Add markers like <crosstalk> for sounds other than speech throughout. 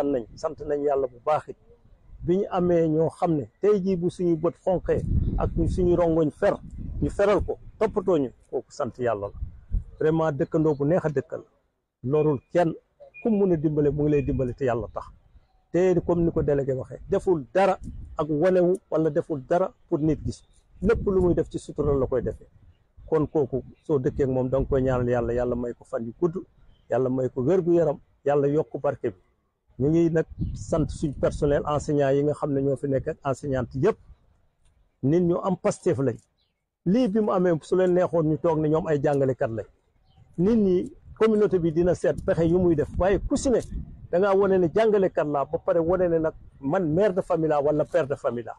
kontaan nañ sant nañ yalla bu baax it bi ño amee ñoo xam ne bu suñu ak suñu rongoñ fer ñu feral ko topato ñu kooku sant yalla la vraiment dekkando bu neexa dekkal lorul kenn ku mëna dimbalé dimbale mu ngi lay dimbalé te yalla tax té comme niko délégué waxé deful dara ak wu wala deful dara pour nit gis lepp lu muy def ci sutural la koy defee kon koku so dekké ak mom dang koy ñaanal yalla yalla may ko fan yu gudd yalla may ko wér yaram yalla yokk barké bi ñu ngi nag sant suñ personnel enseignant yi nga xam ne ñoo fi nekk ak enseignante yëpp nit ñu am Pastef lañ lii bi mu amee su leen neexoon ñu toog ne ñoom ay jàngalekat lañ nit ñi communauté bi dina seet pexe yu muy def waaye ku danga ne da ngaa wane ne jàngalekat laa ba pare wane ne nag man mère de famille laa wala de famille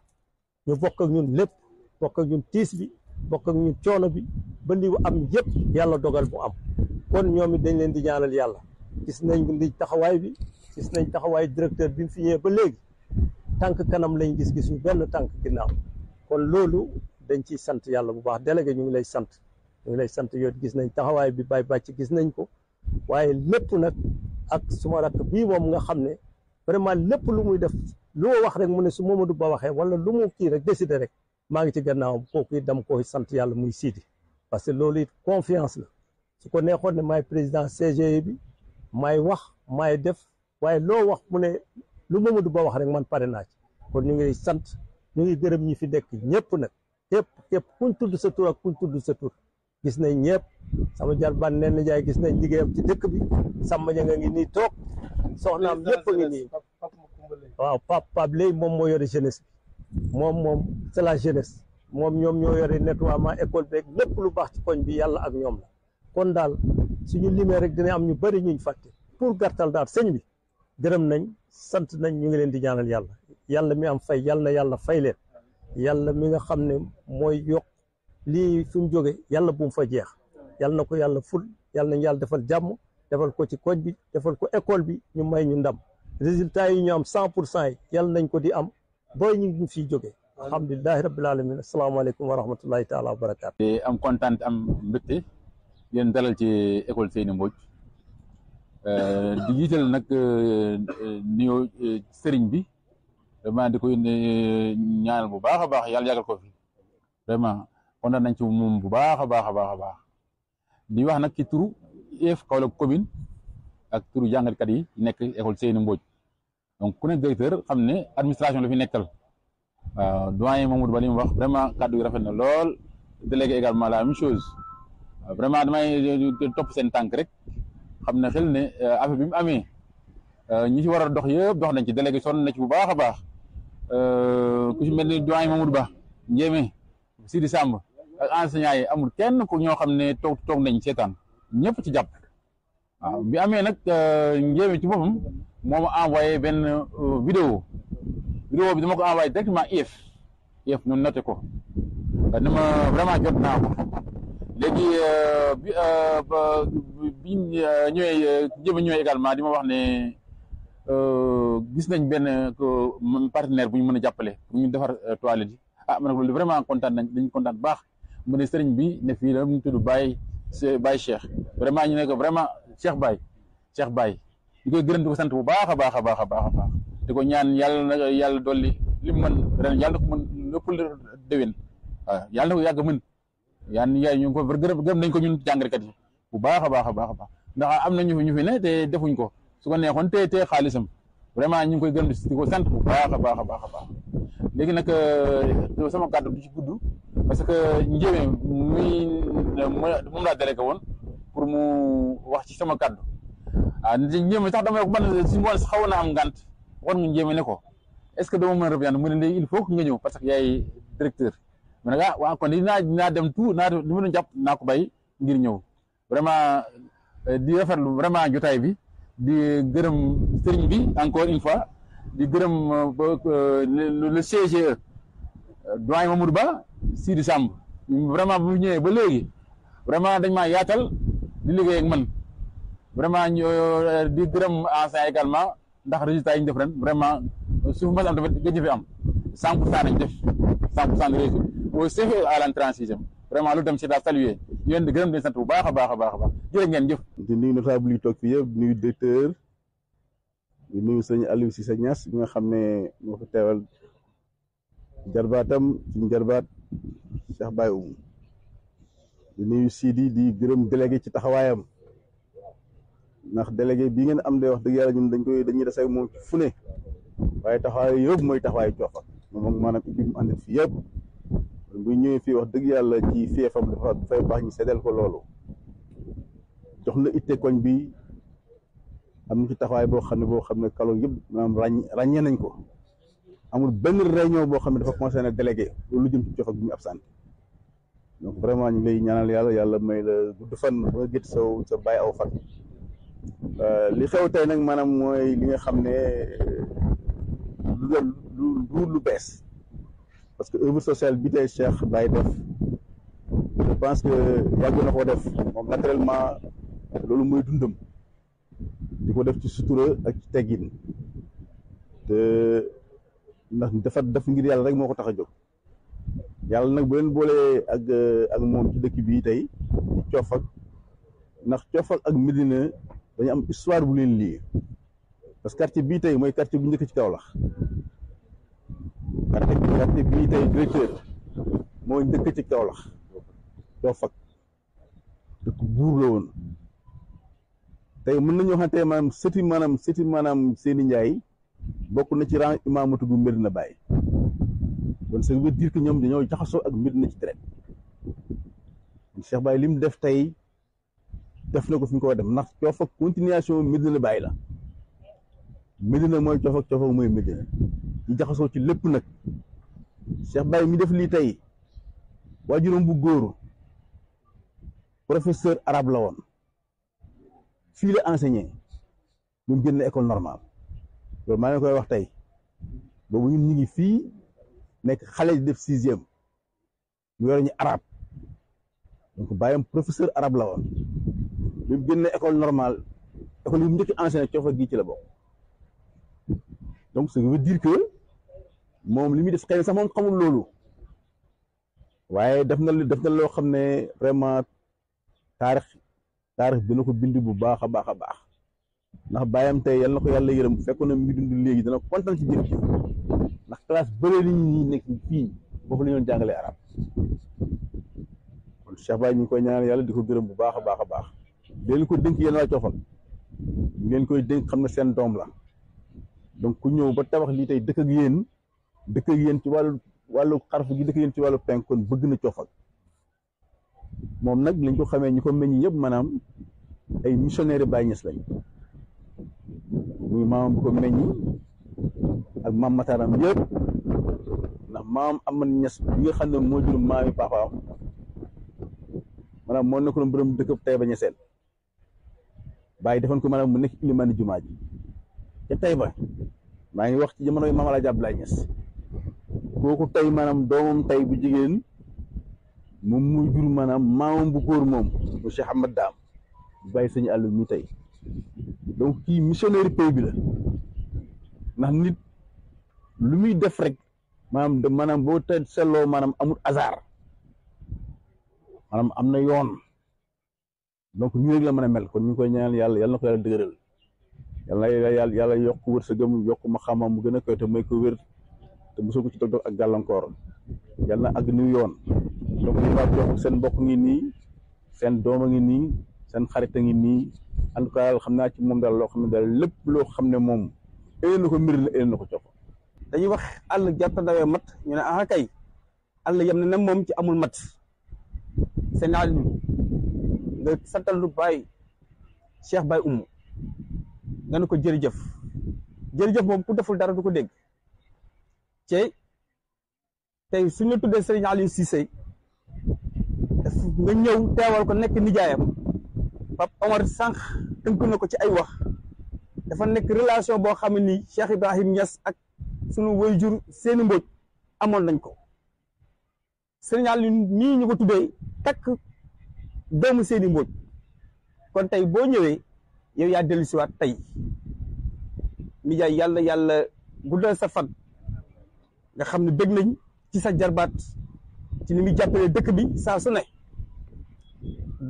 ñu bokk ak ñun lépp bokk ak ñun tiis bi bokk ak ñun coono bi ba li am yëpp yàlla dogal bu am kon ñoom dañ leen di ñaanal yàlla gis nañ gis nañ taxawaayu directeur bi fi ñëwee ba léegi tànk kanam lañ gis gis ñu benn tànk ginnaaw kon loolu dañ ciy sant yàlla bu baax délégué ñu ngi lay sant ñu ngi lay sant yow gis nañ taxawaay bi bay bàcc gis nañ ko waaye lépp nag ak suma rakk bii moom nga xam ne vraiment lépp lu muy def lu wax rek mu ne su Mamadou Ba waxee wala lu mu kii rek décidé rek maa ngi ci gannaawam kooku yi dam koy sant yàlla muy siiti parce que loolu it confiance la si ko neexoon ne maay président CGE bi maay wax maay def waye lo wax mu ne lu mudu Ba wax rek man pare na ci kon ñu ngi sant ñu ngi gërëm ñi fi dekk ñepp nak képp képp kuñ tuddu sa tour ak kuñ tuddu sa tour gis na ñepp sama ban nenn jaay gis na jigeem ci dekk bi sama ña ngi ni tok soxnam ñepp ngi ni waaw pap pap lay mom mo yori jeunesse mom mom c'est la jeunesse mom ñom ñoo yori nettoiement école bek lepp lu bax ci koñ bi yalla ak ñom kon dal suñu limé rek dina am ñu bari ñuñ pour gartal dal señ bi gërëm nañ sant nañ ñu ngi leen di ñaanal yàlla yàlla mi am fay yàlla yàlla fay leen yàlla mi nga xam ne mooy yokk lii fi mu jóge yàlla bu mu fa jeex yàlla na ko yàlla ful yàlla nañ yàlla defal jàmm defal ko ci koñ bi defal ko école bi ñu may ñu ndam résultat yi ñu am cent pour cent yi yàlla nañ ko di am ba ñu ñu fiy jóge alhamdulilahi rabbil alamin asalaamaaleykum wa rahmatullahi taala wa barakaatu am kontaan am mbégte yéen dalal ci école Seyni Mbodj Euh, di jiital nag euh, euh, nuyoo sëriñ bi vraiment di koy ñaanal bu baax a baax yàlla yàggal ko fi vraiment kontaan nañ ci moom bu baax a baax a baax a baax di wax nag ci turu IEF Kaolack commune ak turu jàngalkat yi nekk école Seyni mboj donc ku nekk directeur xam ne administration la fi nekkal waaw doyen Mamadou Ba li mu wax vraiment kàddu rafet na lool délégué également la même chose vraiment damay topp seen tànk rek. xam na xel ne euh, affaire bi mu amee euh, ñi ci war a dox yëpp dox nañ ci délégué sonn na ci bu baax a baax euh, ku ci mel ni doyen Mamadou Ba Ndiémé Sidi Samb ak enseignants yi amul kenn ku ñoo xam ne toog toog nañ seetaan ñëpp ci jàpp waaw bi amee nag Ndiémé ci boppam moom ma envoyé benn vidéo vidéo bi dama ko envoyé directement IEF IEF ñu noté ko dama vraiment jot naa léegi euh, bi euh, bi euh, ñëwee jëba ñëwee également di ma wax ne gis nañ benn partenaire bu ñu mën a jàppale bu defar toilette di ah man loolu vraiment kontaan nañ dañ kontaan baax mu ne sëriñ bi ne fii la ñu tudd Baye Baye vraiment ñu ne ko vraiment Cheikh baay Cheikh baay ñu koy gërëm di ko sant bu baax a baax a baax a baax di ko ñaan yàlla na yàlla dolli li mu mën ren yàlla na ko mën lépp la déwén na ko yàgg mën yaan yaay ñu ko gërëm nañ ko ñun jàngalekat yi bu baax a baax baax baax ndax am na ñu fi ñu fi ne te defuñ ko su ko neexoon te te xaalisam vraiment ñu ngi koy gërëm di ko sant bu baax a baax a baax baax léegi nag euh, sama kàddu du ci gudd parce que njëwee muy moom laa ko woon pour mu wax ci sama kàddu ah njëwee sax dama man suñu woon xawoon na am ngant waxoon nga njëwee ne ko est-ce que dama mën a revenir mu ne léegi il faut que nga ñëw parce que yaay directeur mu wa ah na na dinaa dem tu na brama ma doon jàpp naa ngir vraiment eh, di rafetlu vraiment jotaay bi di gerem sëriñ bi encore une fois di gërëm eh, le CGE e, doyen Mamour Ba Sidi vraiment bu ba vraiment dañ ma yaatal di liggéey ak man vraiment eh, di gerem asa également ndax résultat yi def ren vraiment suuf mas am am def 100% de réussite au CFEE à l'entrée en sixième vraiment lu dem si daal saluer yéen di gërëm di sant bu baax a baax a baax a baax jërë ngeen jëf di nuyu notable yi toog fi yëpp nuyu directeur di nuyu sëñ Aliou Cissé Niass bi nga xam ne moo fi teewal jarbaatam suñu jarbaat Cheikh Baye Oum di nuyu Sidi di gërëm délégué ci taxawaayam ndax délégué bii ngeen am de wax dëgg yàlla ñun dañ koy dañuy des ak moom fu ne waaye taxawaay yëpp mooy taxawaayu coofa moom maanaam équipe mu àndit fii yëpp kon bu ñëwee fii wax dëgg yàlla ci feefam dafa dafay baax ñu seddal ko loolu jox la itte koñ bi am na ci taxawaay boo xam ne boo xam ne kalo yëpp maanaam ràññ nañ ko amul benn réunion boo xam ne dafa concerné délégué lu jëm ci jox ak bi ñu absenté donc vraiment ñu lay ñaanal yàlla yàlla may la gudd fan ba gët sa sa bàyyi aw fan euh, li xew tey nag maanaam mooy li nga xam ne doon lu duur lu bees parce que œuvre sociale bi tey Cheikh Baye def je pense que yàgg na ko def moom naturellement loolu mooy dundam di ko def ci sutura ak ci teggin te ndax dafa def ngir yàlla rek moo ko tax a jóg yàlla nag bu leen boolee ak ak moom ci dëkk bii tey ci coofak ndax coofal ak Medina dañu am histoire bu leen lii parce que quartier bii tay mooy quartier bu njëkk ci Kaolack quartier quartier bii tey directeur mooy njëkk ci Kaolack doo fag dëkk buur la woon tey mën nañu waxante maanaam sëti maanaam sëti maanaam Seyni Ndiaye bokk na ci rang imaamatu bu Medina Baye kon ça veut dire que ñoom dañoo jaxasoo ak Medina ci deret Cheikh Baye li mu def tey def na ko fi ñu ko def ndax coow fa continuation Medina Baye la Médina mooy cof ak mooy Médina ñu jaxasoo ci lépp nag Cheikh Baye mi def lii tey waajuram bu góor professeur arabe la woon fii la enseigné ba mu génn école normale loolu maa ngi koy wax tey boobu ñu ñu ngi fii nekk xale di def sixième mu yore ñu arabe donc bàyyam professeur arabe la woon ba mu génn école normale école yi mu njëkk enseigné coofa gii ci la bokk. donc ce qui veut dire que moom li muy def xëy na sax moom xamul loolu waaye def na def na loo xam ne vraiment taarix taarix na ko bind bu baax a baax a baax ndax bàyyam tey yal na ko yàlla yërëm bu fekkoon na mu ngi dund léegi dana kontaan ci jëf ndax classe bële nit ñi nekk fii foofu la ñu doon arab kon Cheikh Baye ñu ngi koy ñaanal yàlla di ko gërëm bu baax a baax a baax di leen ko dénk yéen a la coofal ñu leen koy dénk xam ne seen doom la. donc ku ñëw ba tabax lii tey dëkk ak yéen dëkk ak ci wàllu wàllu xarfu gi dëkk yéen ci wàllu penk kon bëgg na coofal moom nag lañ ko xamee ñu ko meññ yëpp maanaam ay missionnaire Baay Ñas lañ muy maamam bu ko meññi ak maam Mataram yëpp ndax am Amady Ñas bi nga xam ne moo jur maami paapaam maanaam moo nekkoon borom dëkk Taïba Ñaseen bàyyi defoon ko maanaam mu nekk ilimaani jumaa ji ca tey ba maa ngi wax ci jamono yi Maam Alaaji Abdoulaye Niass kooku tey maanaam doomam tay bu jigéen moom mu jur maanaam maamam bu góor moom mu Cheikh Ahmad Daam bàyyi sañu àll mu tey donc kii missionnaire pays bi la ndax nit lu muy def rek maanaam de maanaam boo te selloo maanaam amul hasard maanaam am na yoon donc ñu rek la mën a mel kon ñu koy ñaan yàlla yàlla na ko yàlla dëgëral yàlla na yàlla yàlla yokk wërsëgam yokk ma xamam mu gën a koy te may ko wér te mosul ko ci dog-dog ak gàllankoor yàlla na ak niw yoon donc ñu baax jox seen mbokk ngi nii seen doom a ngi nii seen xarit a ngi nii en tout cas xam naa ci moom daal loo xam ne daal lépp loo xam ne moom éleen na ko mbir la éleen na ko cof dañuy wax àll jàtta dawee mat ñu ne ah kay àll yam ne na moom ci amul mat seen àll nga santal lu Baay Cheikh Baay Umu nga ne ko jërëjëf jërëjëf moom ku deful dara du ko dégg te tey suñ tuddee Serigne Aliou Cissé nga ñëw teewal ko nekk nijaayam Pape Omar sànq tënk na ko ci ay wax dafa nekk relation boo xam ni nii Cheikh Ibrahim Niass ak sunu waajur seeni mbóoj amoon nañ ko Serigne Aliou nii ñu ko tuddee takk doomu seeni mbóoj kon tey boo ñëwee. yow yaa dellusiwaat siwaat tey nijaay yàlla yàlla guddal sa fan nga xam ne bëgg nañ ci sa jarbaat ci ni muy jàppale dëkk bi saa su ne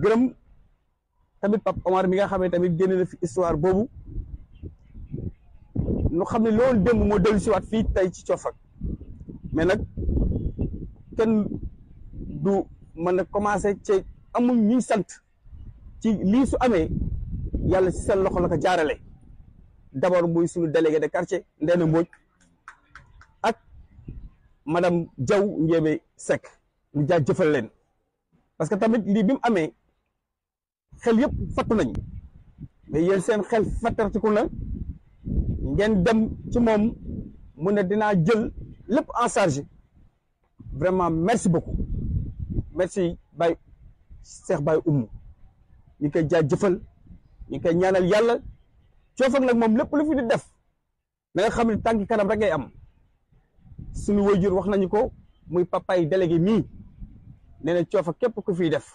gërëm tamit Pape Omar mi nga xam ne tamit génne na fi histoire boobu nu xam ne loolu démb moo dellu siwaat fii tey ci Cofak mais nag kenn du mën a commencé ci amul ñuy sant ci lii su amee yàlla si seen loxo la ko jaarale d'abord muy suñu délégué de quartier Ndéna Mbodj ak madame Diaw Ndiébé Seck ñu jaajëfal leen parce que tamit lii bi mu amee xel yëpp fattu nañ mais yéen seen xel fattartiku na ngeen dem ci moom mu ne dinaa jël lépp en charge vraiment merci beaucoup merci Baye Cheikh Baye Oumou ñu koy jaajëfal ñu ngi koy ñaanal yàlla coofak nag moom lépp lu fi di def na nga xam ne tànki kanam rek ngay am suñu wajur wax nañu ko muy papaay délégué mii nee na coofa képp ku fiy def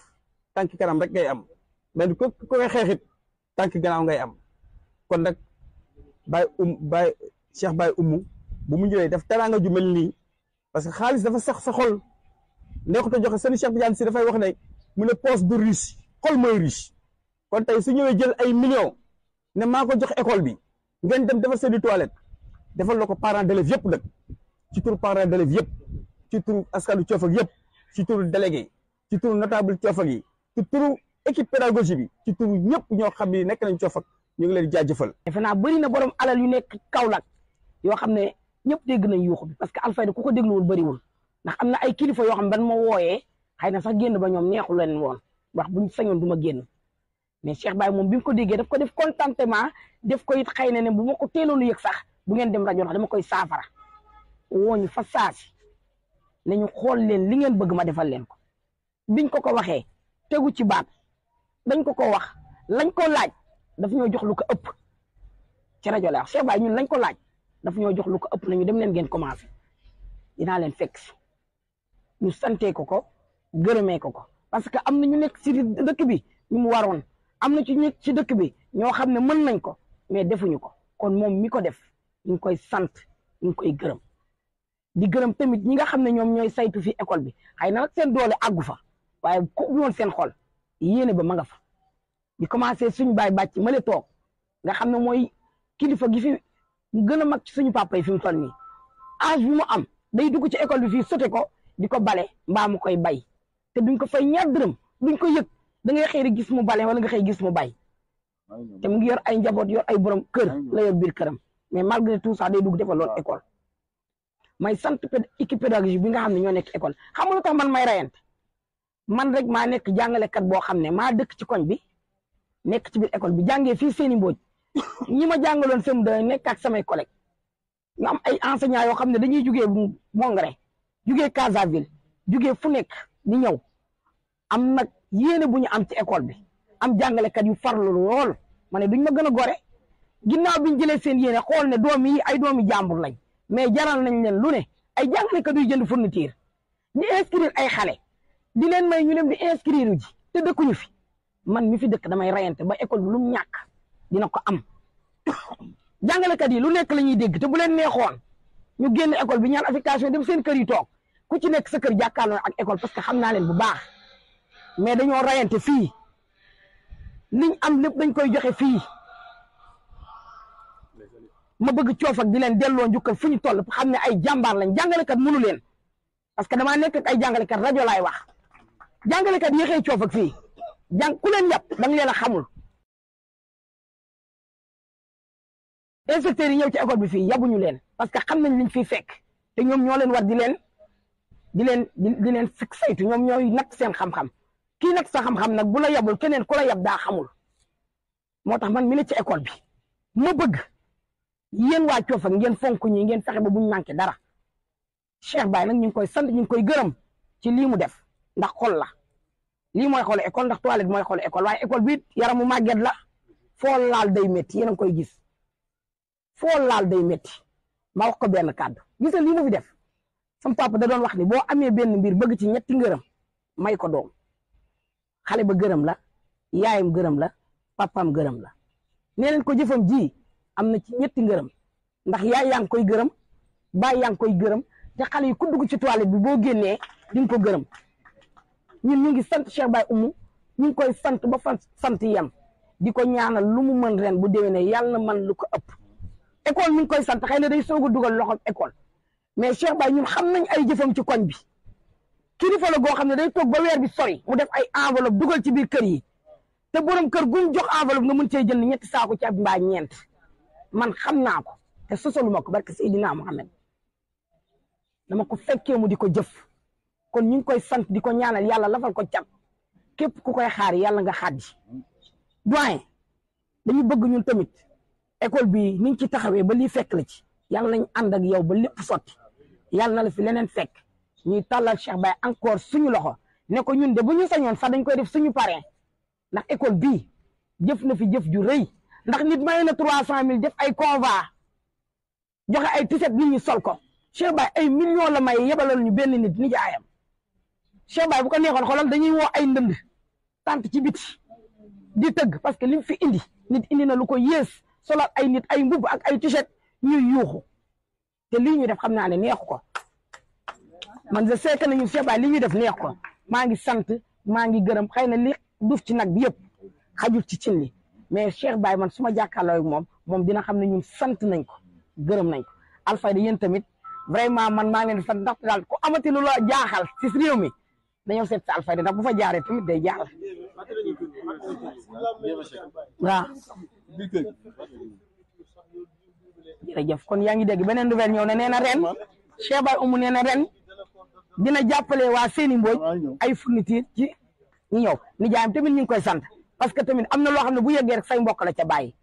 tànki kanam rek ngay am mais ko ko koy xeexit tànki gannaaw ngay am kon nag Baye um Baye Cheikh Baye Umu bu mu ñëwee def teraanga ju mel nii parce que xaalis dafa sax sa xol neexut a joxe seen Cheikh Tidiane si dafay wax ne mu ne poche du riche xol mooy riche. kon tey su ñëwee jël ay millions ne maa ko jox école bi ngeen dem defar seen i toilette defal la ko parents d'élèves yëpp nag ci turu parents d'élèves yëpp ci turu askanu coofak yëpp ci turu délégué ci turu notable coofak yi ci turu équipe pédagogie bi ci turu ñëpp ñoo xam ne nekk nañ coofak ñu ngi leen jaajëfal. defe naa bëri na borom alal yu nekk Kaolack yoo xam ne ñëpp dégg nañ yuuxu bi parce que Alfayda ku ko dégluwul bëriwul ndax am na ay kilifa yoo xam ne ban ma wooyee xëy na sax génn ba ñoom neexu leen woon wax buñ sañoon du ma génn. mais Cheikh Baye moom bi mu ko déggee daf ko def contentement def ko yit xëy na ne bu ma ko teeloon yëg sax bu ngeen dem rajo ndax dama koy saafara wooñu fa saasi nañu xool leen li ngeen bëgg ma defal leen ko biñ ko ko waxee tegu ci baat dañ ko ko wax lañ ko laaj daf ñoo jox lu ko ëpp ci rajo la wax Cheikh ñun lañ ko laaj daf ñoo jox lu ko ëpp nañu dem leen ngeen commencé dinaa leen fekk si ñu santee ko ko gërëmee ko ko parce que am na ñu nekk si dëkk bi ñu mu waroon. am na ci ñi ci dëkk bi ñoo xam ne mën nañ ko mais defuñu ko kon moom mi ko def ñu ngi koy sant ñu koy gërëm di gërëm tamit ñi nga xam ne ñoom ñooy saytu fi école bi xëy na nag seen doole àggu fa waaye ku woon seen xol yéene ba ma a fa di commencé suñu baay bàcc ma le toog nga xam ne mooy kilifa gi fi gën a mag ci suñu papa yi fi tol toll nii âge bi mu am day dugg ci école bi fii sote ko di ko bale mbaa mu koy bay te duñ ko fay ñaar dërëm duñ ko yëg da ngay xëy gis mu bale wala nga xëy gis mu bay te mu ngi yor ay njaboot yor ay borom kër la yor biir këram mais malgré tout sax day dugg defal loolu école may sant équipe pédagogique bi nga xam ne ñoo nekk école xam nga lu man may rayante man rek maa nekk jàngalekat boo xam ne maa dëkk ci koñ bi nekk ci biir école bi jàngee fii seeni mbooj ñi ma jàngaloon sem da nekk ak samay collègue ñu am ay enseignants yoo xam ne dañuy jugee Mongre jugee Brazzaville jugee fu nekk di ñëw am nag yéene bu ñu am ci école bi am jàngalekat yu farlu lool ma ne duñ ma gën a gore ginnaaw ñu jëlee seen yéene xool ne doom yi ay doomi jàmbur lañ mais jaral nañ leen lu ne ay jàngalekat yuy jënd fourniture di inscrire ay xale di leen may ñu leen di inscrire ji te dëkkuñu fi man mi fi dëkk damay rayante ba école lu ñàkk dina ko am <coughs> jàngalekat yi lu nekk la ñuy dégg te bu leen neexoon ñu génn école bi ñaan affectation dem seen kër yi toog ku ci nekk sa kër jàkkaarloo ak école parce que xam naa leen bu baax. mais dañoo rayante fii liñ am lépp dañ koy joxe fii ma bëgg coofak ak di leen delloo njukka fu ñu toll xam ne ay jàmbaar lañ jàngalekat mënu leen parce que damaa nekk ak ay jàngalekat rajo laay wax jàngalekat yéexee coof ak fii jàng ku leen yàpp da leen a xamul inspecteurs yi ñëw ci école bi fii yabuñu leen parce que xam nañ liñ fiy fekk te ñoom ñoo leen war di leen di leen di leen saytu ñoom ñooy natt seen xam-xam kii nag sa xam-xam nag bu la yabul keneen ku la yab daa xamul moo tax man mi ne ci école bi ma bëgg yéen waa Coofa ngeen fonk ñi ngeen fexe ba buñ manqué dara Cheikh Baye nag ñu koy sant ñu ngi koy gërëm ci lii mu def ndax xol la lii mooy xool école ndax toilette mooy xool école waaye école bi yaramu màgget la foo laal day metti yéen a ngi koy gis foo laal day metti ma wax ko benn kàddu gis nga fi def sam papa da doon wax ni boo amee benn mbir bëgg ci ñetti ngërëm may ko doom xalé ba gëreem la yaayam gëreem la papaam gëreem la nee leen ko jëfëm ji amna ci ñetti gëreem ndax yaay yaa koy gëreem baay yaa koy gëreem te xalé yi ku dugg ci toilette bi bo génnee di nga ko gëreem ñun ñu ngi sante Cheikh Baye Oumou ñu ngi koy sante ba sante yam diko ñaanal lu mu mën ren bu déwénee yalla na man lu ko ëpp école ñu ngi koy sante xëy day soog duggal loxol école mais Cheikh Baye ñun xam nañ ay jëfëm ci koñ bi kilifa la goo xam ne day toog ba weer bi sori mu def ay enveloppe dugal ci biir kër yi te borom kër guñ jox enveloppe nga mën cee jënd ñetti saako ceeb mbaa ñeent man xam naa ko te sosaluma ko barke Seydina Mohamed dama ko fekkee mu di ko jëf kon ñu ngi koy sant di ko ñaanal yàlla lafal ko cat képp ku koy xaar yàlla nga xaddi doyen dañu bëgg ñun tamit école bi niñ ci taxawee ba lii fekk la ci yàlla nañ ànd ak yow ba lépp sotti yàlla na la fi leneen fekk ñuy tàllal Cheikh Baye encore suñu loxo ne ko ñun de bu ñu sañoon sax dañ koy def suñu parrain ndax école bii jëf na fi jëf ju rëy ndax nit may na trois cent mille def ay convoi joxe ay tiset ni ñi sol ko Cheikh Baye ay millions la may yebalal ñu benn nit ni jaayam Cheikh Baye bu ko neexoon xoolal dañuy woo ay ndënd tant ci biti di tëgg parce que lim fi indi nit indi na lu ko yées solal ay nit ay mbubb ak ay tiset ñuy yuuxu te lii ñu def xam naa ne neexu ko man de seet nañu Cheikh Baye li ñuy def neex ko maa ngi sant maa ngi gërëm xëy na li duuf ci nag bi yëpp xajul ci cin li mais Cheikh Baye man suma ma jàkkaarloo moom moom dina xam ne ñun sant nañ ko gërëm nañ ko Alfayda yéen tamit vraiment man maa ngi leen di sant daal ku amati lu jaaxal ci réew mi dañoo seet si Alfayda ndax bu fa jaaree tamit day jaaxal. waaw. jërëjëf kon yaa ngi dégg beneen nouvelle ñëw ne nee na ren Cheikh Baye umu nee ren. dina jàppale waa seeni mbooj ay fourniture ci ñu ñëw nijaayam tamit ñu ngi koy sant parce que tamit am na loo xam ne bu yeggee rek say mbokk la ca bàyyi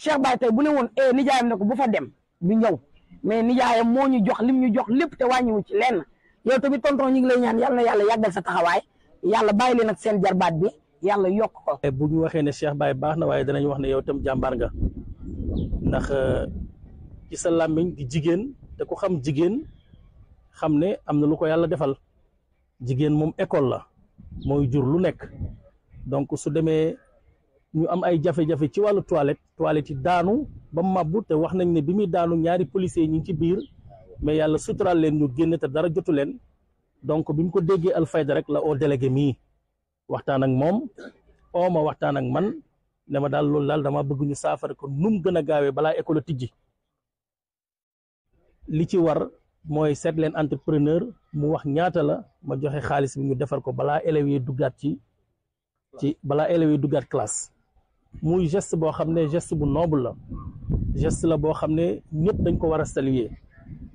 Cheikh Baye tey bu ne woon eh nijaayam ne ko bu fa dem du ñëw mais nijaayam moo ñu jox lim ñu jox lépp te wàññiwu ci lenn yow tamit ñu ngi lay ñaan yàlla na yàlla yàggal sa taxawaay yàlla bàyyi leen ak seen jarbaat bi yàlla yokk ko. Eh, bu ñu waxee ne Cheikh Baye baax na waaye danañ wax ne yow tam jàmbaar nga ndax eh, ci sa làmmiñ di jigéen da ko xam jigéen. xam ne am na lu ko yàlla defal jigéen moom école la mooy jur lu nekk donc su demee ñu am ay jafe-jafe ci wàllu toilette toilette yi daanu ba màbbu te wax nañ ne bi muy daanu ñaari policiers ñi ngi ci biir mais yàlla suturaal leen ñu génn te dara jotu leen donc bi mu ko déggee Alfayda rek la oo délégué mii waxtaan ak moom oo ma waxtaan ak man ne ma daal loolu daal dama bëgg ñu saafara ko nu mu gën a gaawee balaa école tijji li ci war mooy seet leen entrepreneur mu wax ñaata la ma joxe xaalis bi ñu defar ko balaa élèves yi duggaat ci ci balaa élèves yi duggaat classe muy geste boo xam ne geste bu noble la geste la boo xam ne ñëpp dañ ko war a saluer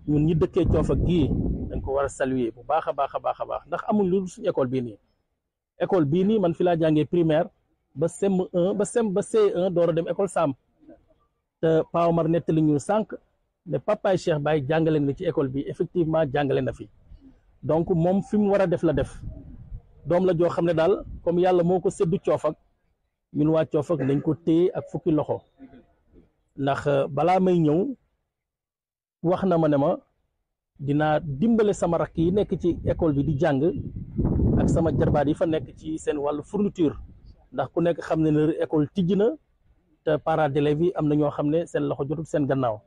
ñun ñi dëkkee coof ak gii dañ ko war a saluer bu baax a baax a baax a baax ndax amul lu suñu école bii nii école bii nii man fi laa jàngee primaire ba sem 1 ba sem ba C1 door a dem école Sam te paaw mar Omar li ñu sànq. ne papaay Cheikh Baye jàngale na ci école bi effectivement jàngale na fi donc moom fi mu war a def la def doom la joo xam ne daal comme yàlla moo ko séddu coofak ñun waa coofak nañ ko téye ak fukki loxo ndax euh, balaa may ñëw wax na ma ne ma dinaa dimbale sama rakk yi nekk ci école bi di jàng ak sama jarbaat yi fa nekk ci seen wàllu fourniture ndax ku nekk xam ne ne école tijji na te parents d'élèves yi am na ñoo xam ne seen loxo jotul seen gannaaw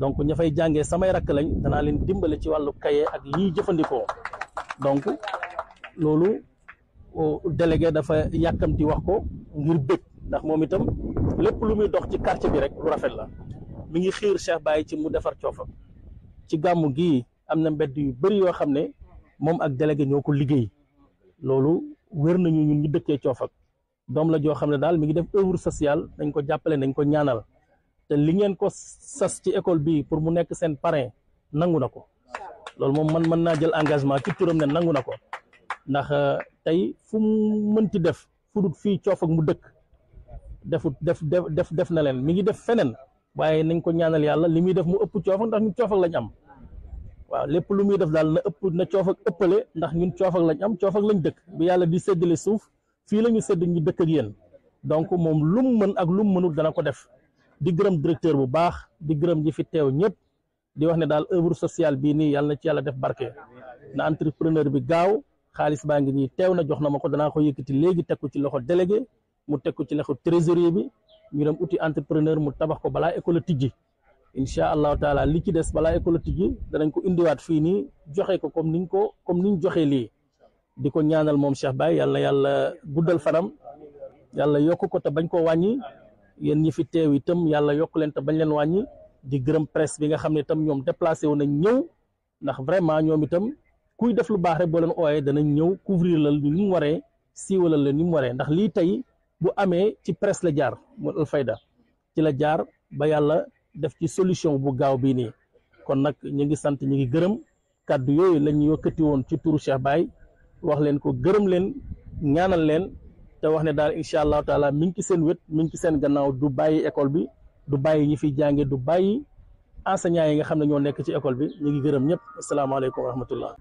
donc ñu fay jàngé samay rak lañ dana leen dimbalé ci walu kaye ak li jëfëndiko donc o euh, délégué dafa yakamti wax ko ngir bëgg ndax mom itam lépp lu muy dox ci quartier bi rek lu rafet la mi ngi xir Cheikh Baye ci mu défar ciofa ci gamu gi am mbedd yu bari yo xamné mom ak délégué ñoko liggéey lolu wër nañu ñun ñu dëkke ciofa dom la jo xamné dal mi ngi def œuvre sociale dañ ko jappalé dañ ko ñaanal te li ngeen ko sas ci école bii pour mu nekk seen parrain nangu na ko loolu moom man mën naa jël engagement ci turam ne nangu na ko ndax euh, tey fu mu mënti def fu dut fii coof mu dëkk defut def def def na leen mi ngi def feneen waaye nañ ko ñaanal yàlla li muy def mu ëpp coof ak ndax ñun coof lañ am waaw lépp lu muy def daal na ëpp na coof ëppale ndax ñun coof lañ am coof lañ dëkk bi yàlla di séddale suuf fii la ñu sédd ñu dëkk ak yéen donc moom lum mën ak lum mënul dana ko def. di gërëm directeur bu baax di gërëm ñi fi tew ñëpp di wax ne daal œuvre sociale bi ni yalla na ci yalla def barké na entrepreneur bi gaaw xaaliss baa ngi nii na jox na mako dana ko yëkëti légui tekku ci loxo délégué mu tekku ci loxo trésorier bi ñu dem uti entrepreneur mu tabax ko balai école tijji insha allah taala li ci des balai école tijji danañ ko indiwaat fi ni joxé ko comme niñ ko comme niñ joxé li di ñaanal mom Cheikh Baye yalla yalla guddal fanam yalla yokko ko te bañ ko wañi yen ñi fi teew itam yalla yok leen te bañ leen wañi di gërëm presse bi nga xamne ne itam ñoom déplacé wu nañ ñëw ndax vraiment ñom itam kuy def lu baax rek bo leen ooyee danañ ñew couvrir la ni mu si siiwalal leen ni mu ndax li tay bu amé ci presse la jaar al fayda ci la jaar ba yalla def ci solution bu gaaw bi ni kon nak ñi ngi sant ñi ngi gërëm kaddu yoy lañ ñu yëkëti won ci touru Cheikh bay wax leen ko gërëm leen ñaanal leen te wax ne daal incha allah taala mi ngi ci seen wét mi ngi ci seen gannaaw du bàyyi école bi du bàyyi ñi fi jànge du bàyyi enseignants yi nga xam ne ñoo nekk ci école bi ñu ngi gërëm ñëpp asalaamaaleykum wa rahmatullah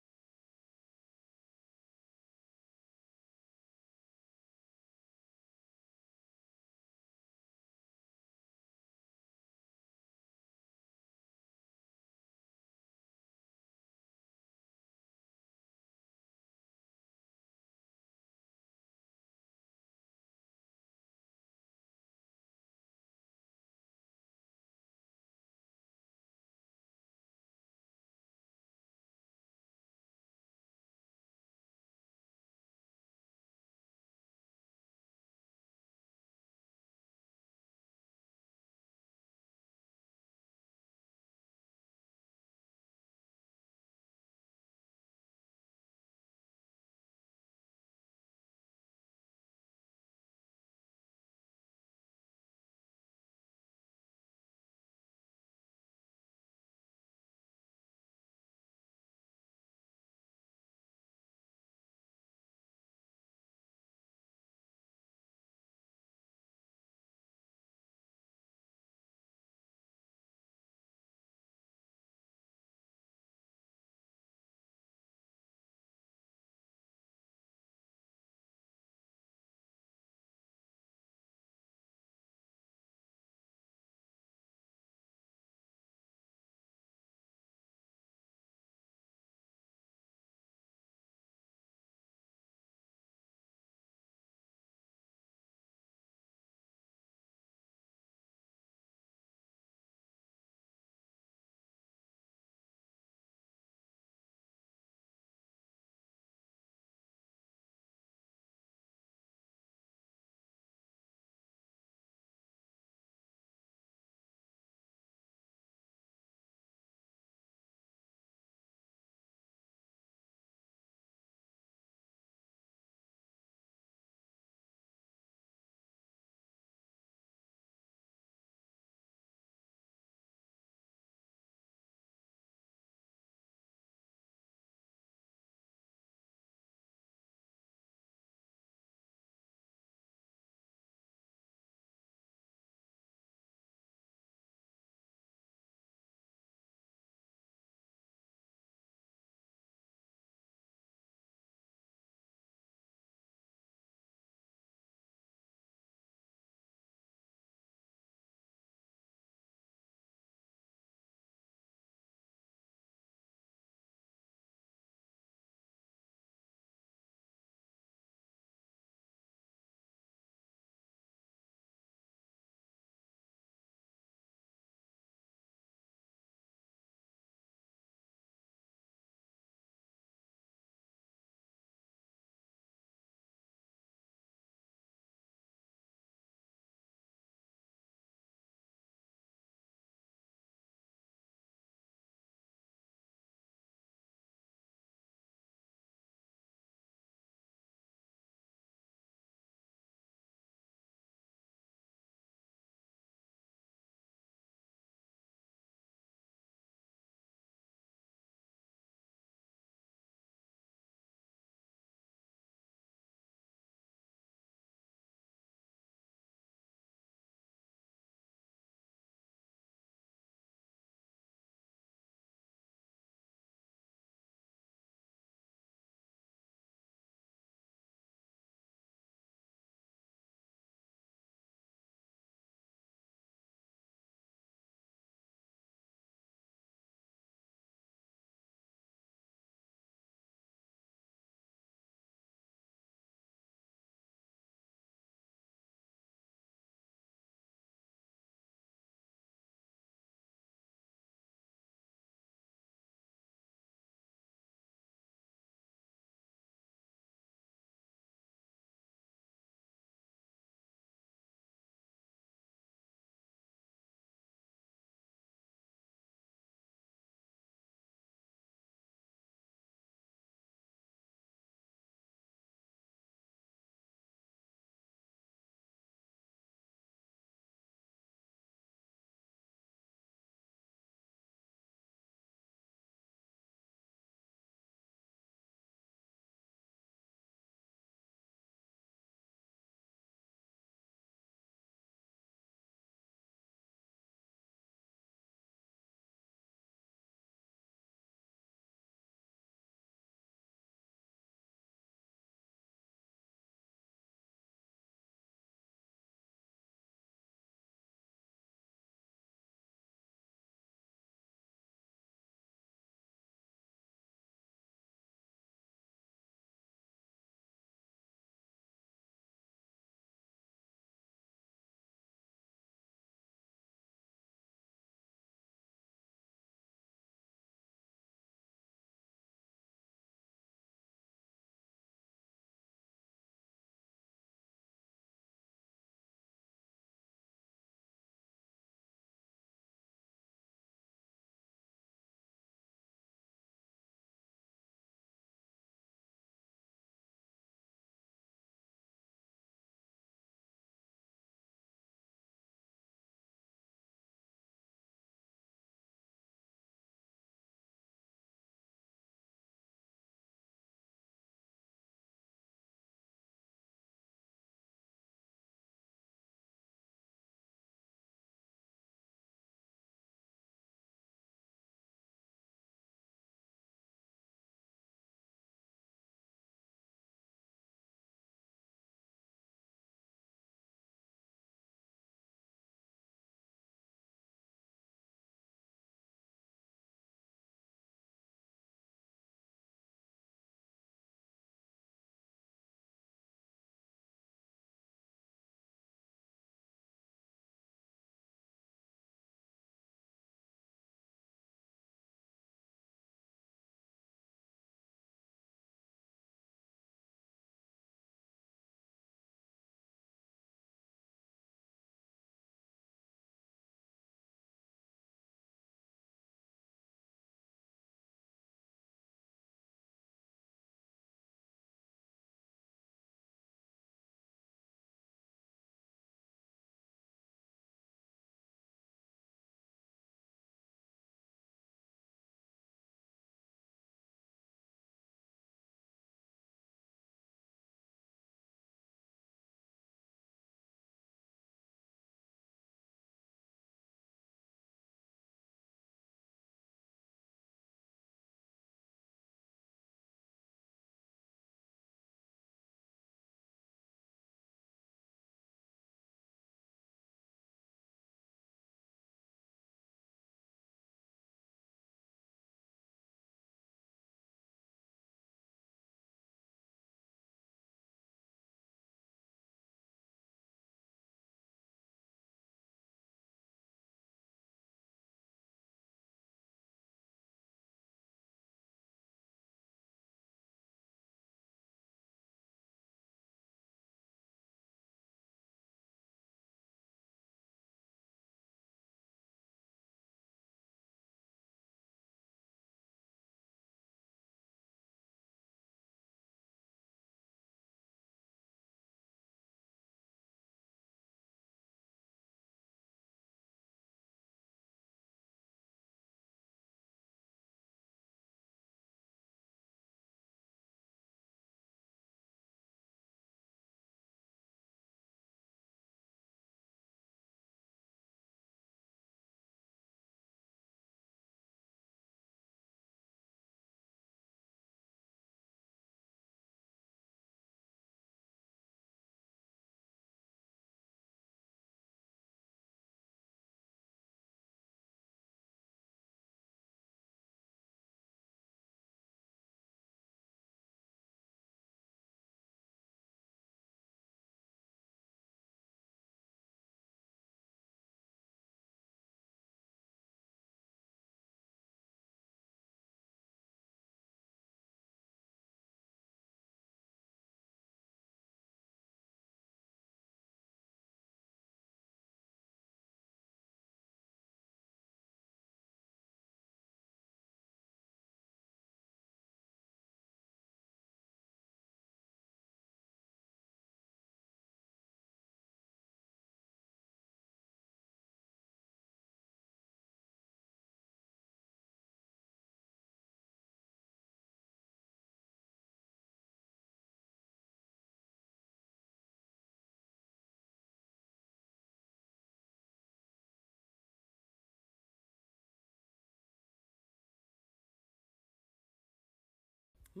ci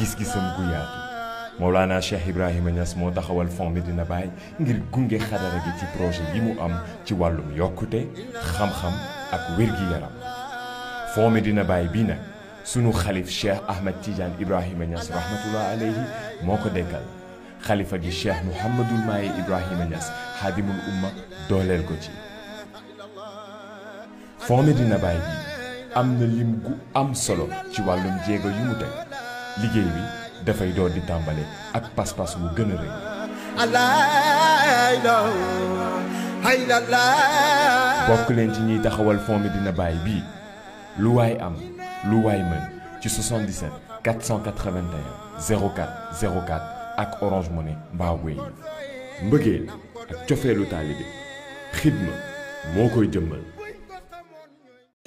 gis-gisam gu yaatu Mawlana Cheikh Ibrahima Niass moo taxawal Fonds dina Baye ngir gunge xadara gi ci projet yi mu am ci wàllum yokkute xam-xam ak wér-gi-yaram Fonds Medina Baye bii nag sunu xalif Cheikh Ahmed Tidiane Ibrahima Niass rahmatullah aleyhi moo ko dekkal xalifa gi Cheikh Mouhamadul Maye Ibrahima Niass xaadimul umma dooleel ko ci fond dina Baye am na lim gu am solo ci walum jéego yu mu liggéey bi door di tambale, ak pas-pas wu bokk leen ci ñi taxawal dina Baye lu am lu way man ci 77 481 04 04 ak Orange Money bah Wave ak xidma mo koy